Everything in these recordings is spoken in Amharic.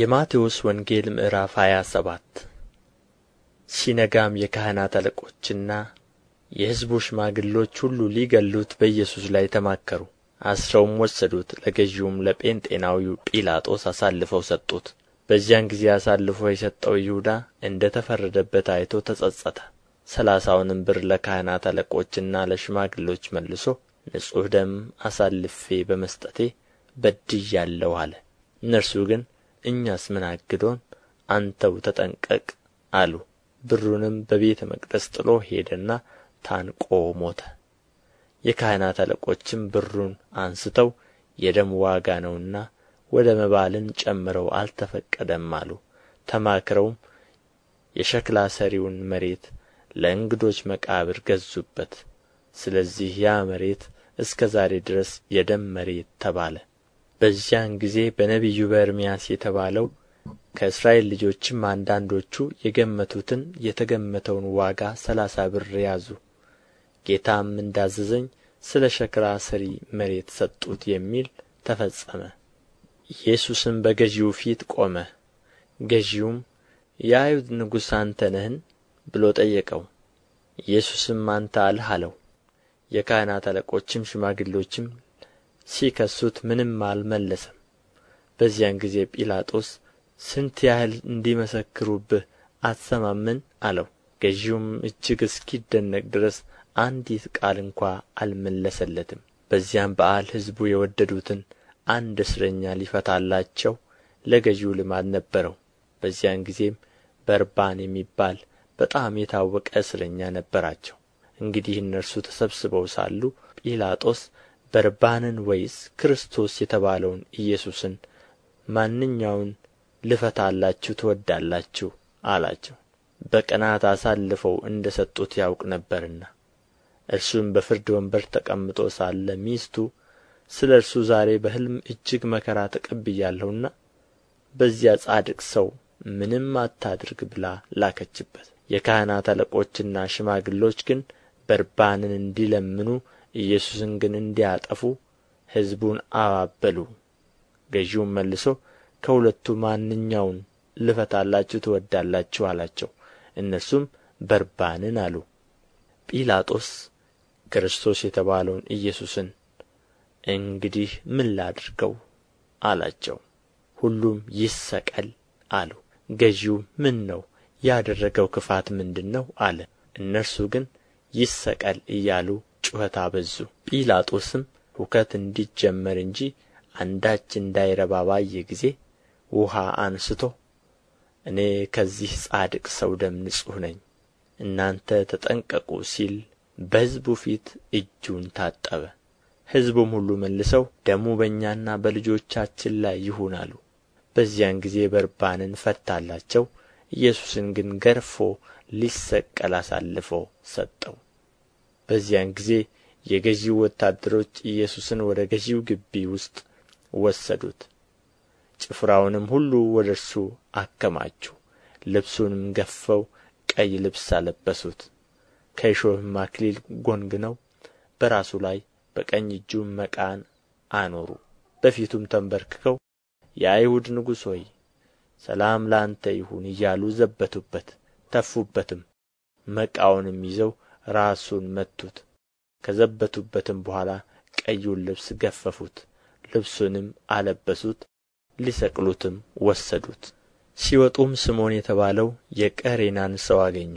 የማቴዎስ ወንጌል ምዕራፍ 27 ሲነጋም የካህናት አለቆችና የሕዝቡ ሽማግሎች ሁሉ ሊገሉት በኢየሱስ ላይ ተማከሩ። አስረውም ወሰዱት፣ ለገዢውም ለጴንጤናዊው ጲላጦስ አሳልፈው ሰጡት። በዚያን ጊዜ አሳልፎ የሰጠው ይሁዳ እንደ ተፈረደበት አይቶ ተጸጸተ። ሰላሳውንም ብር ለካህናት አለቆችና ለሽማግሎች መልሶ ንጹሕ ደም አሳልፌ በመስጠቴ በድያለሁ አለ። እነርሱ ግን እኛስ ምን አግዶን አንተው ተጠንቀቅ አሉ ብሩንም በቤተ መቅደስ ጥሎ ሄደና ታንቆ ሞተ የካህናት አለቆችም ብሩን አንስተው የደም ዋጋ ነውና ወደ መባልን ጨምረው አልተፈቀደም አሉ ተማክረውም የሸክላ ሰሪውን መሬት ለእንግዶች መቃብር ገዙበት ስለዚህ ያ መሬት እስከ ዛሬ ድረስ የደም መሬት ተባለ በዚያን ጊዜ በነቢዩ በኤርምያስ የተባለው ከእስራኤል ልጆችም አንዳንዶቹ የገመቱትን የተገመተውን ዋጋ ሰላሳ ብር ያዙ ጌታም እንዳዘዘኝ ስለ ሸክላ ስሪ መሬት ሰጡት የሚል ተፈጸመ ኢየሱስም በገዢው ፊት ቆመ ገዢውም የአይሁድ ንጉሥ አንተ ነህን ብሎ ጠየቀው ኢየሱስም አንተ አልህ አለው የካህናት አለቆችም ሽማግሎችም ሲከሱት ምንም አልመለሰም በዚያን ጊዜ ጲላጦስ ስንት ያህል እንዲመሰክሩብህ አትሰማምን አለው ገዢውም እጅግ እስኪደነቅ ድረስ አንዲት ቃል እንኳ አልመለሰለትም በዚያም በዓል ሕዝቡ የወደዱትን አንድ እስረኛ ሊፈታላቸው ለገዢው ልማድ ነበረው በዚያን ጊዜም በርባን የሚባል በጣም የታወቀ እስረኛ ነበራቸው እንግዲህ እነርሱ ተሰብስበው ሳሉ ጲላጦስ በርባንን ወይስ ክርስቶስ የተባለውን ኢየሱስን ማንኛውን ልፈታላችሁ ትወዳላችሁ አላቸው በቅናት አሳልፈው እንደ ሰጡት ያውቅ ነበርና እርሱም በፍርድ ወንበር ተቀምጦ ሳለ ሚስቱ ስለ እርሱ ዛሬ በሕልም እጅግ መከራ ተቀብያለሁና በዚያ ጻድቅ ሰው ምንም አታድርግ ብላ ላከችበት የካህናት አለቆችና ሽማግሎች ግን በርባንን እንዲለምኑ ኢየሱስን ግን እንዲያጠፉ ሕዝቡን አባበሉ ገዢውም መልሶ ከሁለቱ ማንኛውን ልፈታላችሁ ትወዳላችሁ አላቸው እነርሱም በርባንን አሉ ጲላጦስ ክርስቶስ የተባለውን ኢየሱስን እንግዲህ ምን ላድርገው አላቸው ሁሉም ይሰቀል አሉ ገዢው ምን ነው ያደረገው ክፋት ምንድን ነው አለ እነርሱ ግን ይሰቀል እያሉ ጩኸት አበዙ ጲላጦስም ሁከት እንዲጀመር እንጂ አንዳች እንዳይረባ ባየ ጊዜ ውሃ አንስቶ! እኔ ከዚህ ጻድቅ ሰው ደም ንጹሕ ነኝ እናንተ ተጠንቀቁ ሲል በሕዝቡ ፊት እጁን ታጠበ። ሕዝቡም ሁሉ መልሰው ደሙ በእኛና በልጆቻችን ላይ ይሁን አሉ። በዚያን ጊዜ በርባንን ፈታላቸው፣ ኢየሱስን ግን ገርፎ ሊሰቀል አሳልፎ ሰጠው። በዚያን ጊዜ የገዢው ወታደሮች ኢየሱስን ወደ ገዢው ግቢ ውስጥ ወሰዱት ጭፍራውንም ሁሉ ወደ እርሱ አከማቹ ልብሱንም ገፈው ቀይ ልብስ አለበሱት ከእሾህም አክሊል ጎንግነው በራሱ ላይ በቀኝ እጁም መቃን አኖሩ በፊቱም ተንበርክከው የአይሁድ ንጉሥ ሆይ ሰላም ለአንተ ይሁን እያሉ ዘበቱበት ተፉበትም መቃውንም ይዘው ራሱን መቱት ከዘበቱበትም በኋላ ቀዩን ልብስ ገፈፉት ልብሱንም አለበሱት ሊሰቅሉትም ወሰዱት ሲወጡም ስምዖን የተባለው የቀሬናን ሰው አገኙ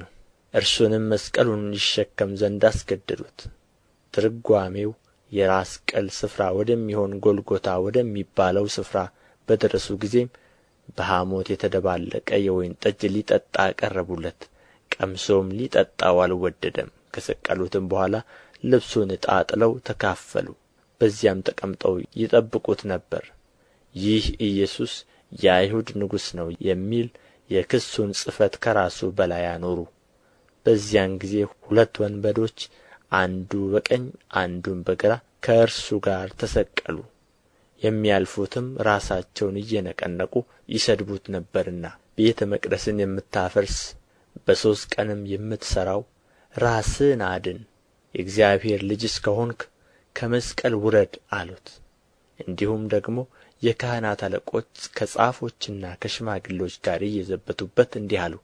እርሱንም መስቀሉን ይሸከም ዘንድ አስገደዱት ትርጓሜው የራስ ቅል ስፍራ ወደሚሆን ጎልጎታ ወደሚባለው ስፍራ በደረሱ ጊዜም በሐሞት የተደባለቀ የወይን ጠጅ ሊጠጣ አቀረቡለት ቀምሶም ሊጠጣው አልወደደም ከሰቀሉትም በኋላ ልብሱን ዕጣ ጥለው ተካፈሉ በዚያም ተቀምጠው ይጠብቁት ነበር ይህ ኢየሱስ የአይሁድ ንጉሥ ነው የሚል የክሱን ጽሕፈት ከራሱ በላይ አኖሩ በዚያን ጊዜ ሁለት ወንበዶች አንዱ በቀኝ አንዱም በግራ ከእርሱ ጋር ተሰቀሉ የሚያልፉትም ራሳቸውን እየነቀነቁ ይሰድቡት ነበርና ቤተ መቅደስን የምታፈርስ በሦስት ቀንም የምትሠራው ራስህን አድን የእግዚአብሔር ልጅስ ከሆንክ ከመስቀል ውረድ አሉት እንዲሁም ደግሞ የካህናት አለቆች ከጻፎችና ከሽማግሎች ጋር እየዘበቱበት እንዲህ አሉ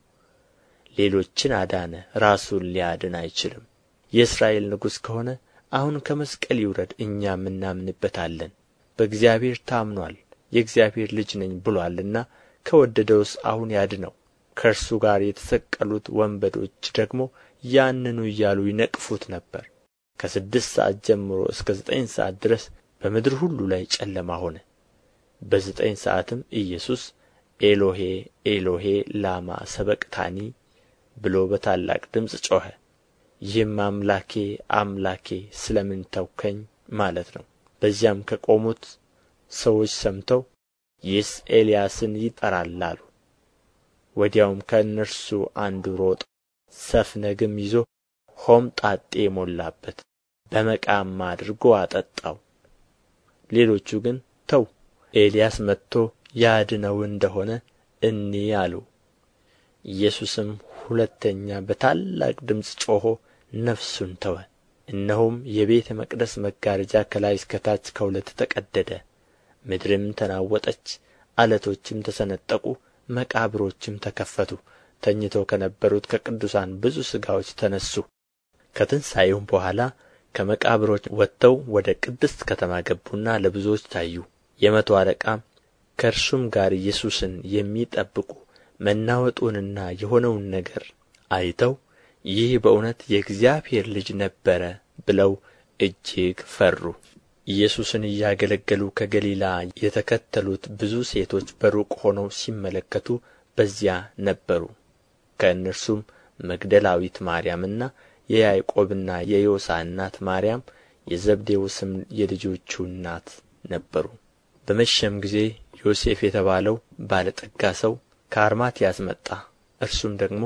ሌሎችን አዳነ ራሱን ሊያድን አይችልም የእስራኤል ንጉሥ ከሆነ አሁን ከመስቀል ይውረድ እኛም እናምንበታለን በእግዚአብሔር ታምኗል የእግዚአብሔር ልጅ ነኝ ብሏልና ከወደደውስ አሁን ያድነው ከእርሱ ጋር የተሰቀሉት ወንበዶች ደግሞ ያንኑ እያሉ ይነቅፉት ነበር ከስድስት ሰዓት ጀምሮ እስከ ዘጠኝ ሰዓት ድረስ በምድር ሁሉ ላይ ጨለማ ሆነ በዘጠኝ ሰዓትም ኢየሱስ ኤሎሄ ኤሎሄ ላማ ሰበቅታኒ ብሎ በታላቅ ድምፅ ጮኸ። ይህም አምላኬ አምላኬ ስለ ምን ተውከኝ ማለት ነው። በዚያም ከቆሙት ሰዎች ሰምተው ይህስ ኤልያስን ይጠራል አሉ። ወዲያውም ከእነርሱ አንዱ ሮጠ፣ ሰፍነግም ይዞ ሆምጣጤ ሞላበት በመቃም አድርጎ አጠጣው ሌሎቹ ግን ተው ኤልያስ መጥቶ ያድነው እንደሆነ እኔ እንይ አሉ ኢየሱስም ሁለተኛ በታላቅ ድምፅ ጮኾ ነፍሱን ተወ እነሆም የቤተ መቅደስ መጋረጃ ከላይ እስከ ታች ከሁለት ተቀደደ ምድርም ተናወጠች አለቶችም ተሰነጠቁ መቃብሮችም ተከፈቱ ተኝተው ከነበሩት ከቅዱሳን ብዙ ሥጋዎች ተነሡ ከትንሣኤውም በኋላ ከመቃብሮች ወጥተው ወደ ቅድስት ከተማ ገቡና ለብዙዎች ታዩ የመቶ አለቃም ከእርሱም ጋር ኢየሱስን የሚጠብቁ መናወጡንና የሆነውን ነገር አይተው ይህ በእውነት የእግዚአብሔር ልጅ ነበረ ብለው እጅግ ፈሩ። ኢየሱስን እያገለገሉ ከገሊላ የተከተሉት ብዙ ሴቶች በሩቅ ሆነው ሲመለከቱ በዚያ ነበሩ። ከእነርሱም መግደላዊት ማርያምና የያዕቆብና የዮሳ እናት ማርያም የዘብዴዎስም የልጆቹ እናት ነበሩ በመሸም ጊዜ ዮሴፍ የተባለው ባለ ጠጋ ሰው ከአርማትያስ መጣ እርሱም ደግሞ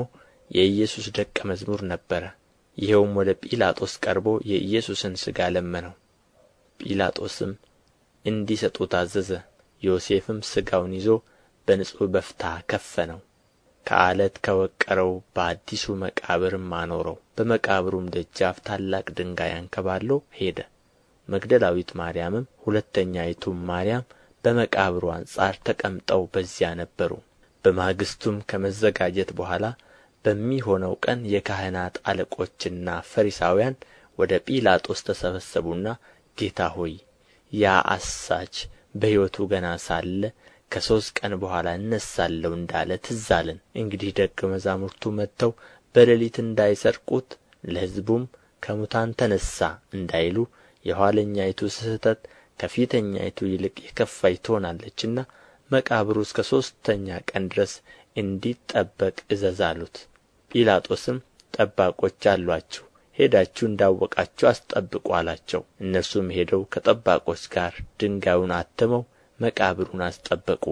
የኢየሱስ ደቀ መዝሙር ነበረ ይኸውም ወደ ጲላጦስ ቀርቦ የኢየሱስን ሥጋ ለመነው ጲላጦስም እንዲሰጡት አዘዘ ዮሴፍም ሥጋውን ይዞ በንጹሕ በፍታ ከፈነው ከዓለት ከወቀረው በአዲሱ መቃብርም አኖረው በመቃብሩም ደጃፍ ታላቅ ድንጋይ አንከባሎ ሄደ መግደላዊት ማርያምም ሁለተኛይቱም ማርያም በመቃብሩ አንጻር ተቀምጠው በዚያ ነበሩ በማግስቱም ከመዘጋጀት በኋላ በሚሆነው ቀን የካህናት አለቆችና ፈሪሳውያን ወደ ጲላጦስ ተሰበሰቡና ጌታ ሆይ ያ አሳች በሕይወቱ ገና ሳለ ከሦስት ቀን በኋላ እነሣለሁ እንዳለ ትዝ አለን እንግዲህ ደቀ መዛሙርቱ መጥተው በሌሊት እንዳይሰርቁት ለሕዝቡም ከሙታን ተነሣ እንዳይሉ የኋለኛይቱ ስህተት ከፊተኛይቱ ይልቅ የከፋይ ትሆናለችና መቃብሩ እስከ ሦስተኛ ቀን ድረስ እንዲጠበቅ እዘዝ አሉት ጲላጦስም ጠባቆች አሏችሁ፣ ሄዳችሁ እንዳወቃችሁ አስጠብቁ አላቸው እነርሱም ሄደው ከጠባቆች ጋር ድንጋዩን አትመው መቃብሩን አስጠበቁ